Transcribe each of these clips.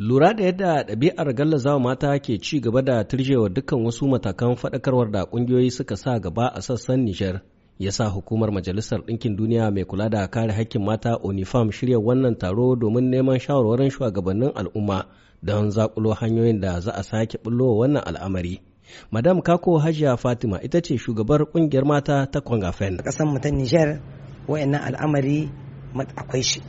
Lura da yadda ɗabi'ar gallazawa mata ke ci gaba da turjewa dukkan wasu matakan faɗakarwar da ƙungiyoyi suka sa gaba a sassan Nijar, ya sa hukumar Majalisar Ɗinkin Duniya mai kula da kare hakkin mata Onifam shirya wannan taro domin neman shawarwarin shugabannin al'umma don zakulo hanyoyin da za a sake bullo wannan al'amari. Madam Kako Hajiya Fatima ita ce shugabar ƙungiyar mata ta Kwangafen. a Ƙasar mu ta Nijar, wa'annan al'amari akwai shi,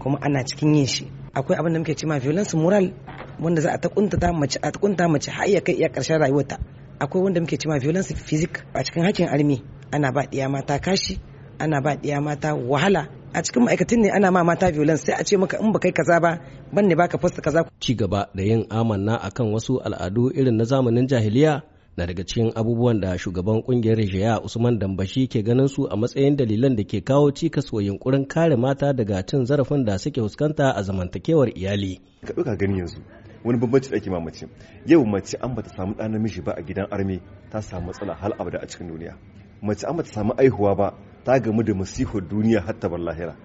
kuma ana cikin yin shi. akwai abin da muke cewa violence moral wanda za a ta kunta mace a kunta mace har ya kai iya karshen rayuwarta akwai wanda muke cewa violence physique a cikin hakin armi ana ba diya mata kashi ana ba diya mata wahala a cikin ma'aikatan ne ana ma mata violence sai a ce maka in ba kai kaza ba ban ne baka fasta kaza ci gaba da yin amanna akan wasu al'adu irin na zamanin jahiliya na daga cikin abubuwan da shugaban kungiyar Rijiya Usman Dambashi ke ganin su a matsayin dalilan da ke kawo cikas wa yunkurin kare mata daga cin zarafin da suke fuskanta a zamantakewar iyali. Ka ɗauka gani yanzu wani bambanci da ake ma yau mace an bata samu ɗan namiji ba a gidan armi ta samu matsala hal abada a cikin duniya mace an bata samu aihuwa ba ta gamu da masihar duniya hatta bar lahira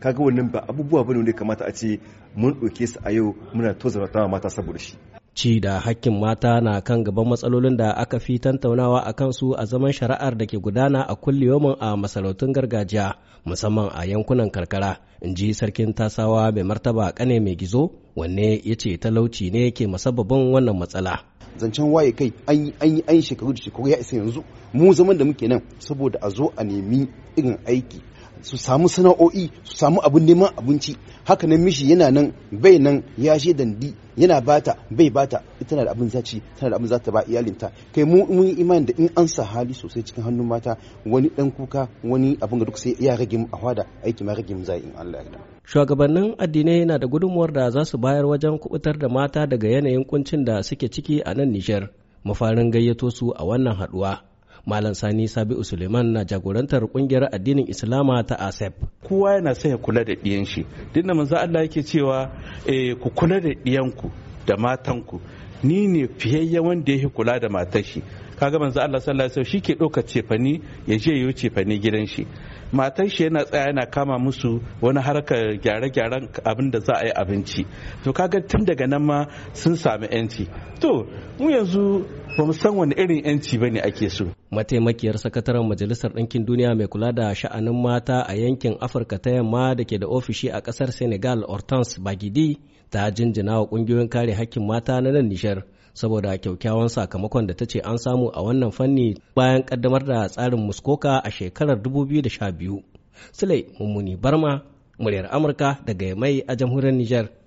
kaga wannan ba abubuwa bane wanda kamata a ce mun ɗauke su a yau muna ta mata saboda shi ci da hakkin mata na kan gaban matsalolin da aka fi tantaunawa a kansu a zaman shari'ar da ke gudana a kulliyomin a masarautun gargajiya musamman a yankunan karkara in ji sarkin tasawa mai martaba kane mai gizo wanne ya ce talauci ne ke masababin wannan matsala zancen waye kai an yi an shekaru da shekaru ya isa yanzu mu zaman da muke nan saboda a zo a nemi irin aiki su samu sana'o'i su samu abin neman abinci haka nan mishi yana nan bai nan ya je dandi yana bata bai bata ita na da abin zaci tana da abin zata ba iyalinta kai mu mun yi imani da in an sa hali sosai cikin hannun mata wani dan kuka wani abin da duk sai ya rage mu a hwada aiki ma rage mu zai in Allah ya shugabannin addinai na da gudunmuwar da za su bayar wajen kubutar da mata daga yanayin kuncin da suke ciki a nan Nijar mafarin gayyato su a wannan haduwa Malam Sani Sabi'u Suleiman na jagorantar kungiyar addinin Islama ta ASEP. Kowa yana sai ya kula da ɗiyan shi. Dinda manzo Allah yake cewa eh ku kula da ɗiyanku da matanku. Ni ne fiyayya wanda yake kula da matar shi. kaga manzo Allah sallallahu alaihi wasallam ke ɗaukar cefani ya je yi cefani gidan shi matar shi yana tsaya yana kama musu wani harkar gyare-gyaren abinda da za a yi abinci to kaga tun daga nan ma sun samu yanci to mu yanzu ba mu san wani irin yanci ba ne ake so mataimakiyar sakataren majalisar ɗinkin duniya mai kula da sha'anin mata a yankin afirka ta yamma da ke da ofishi a ƙasar senegal hortense bagidi ta jinjina wa ƙungiyoyin kare hakkin mata na nan nishar saboda kyaukyawan sakamakon da ta ce an samu a wannan fanni bayan kaddamar da tsarin muskoka a shekarar 2012. Sule Mummuni Barma, muryar Amurka daga mai a jamhuriyar Nijar.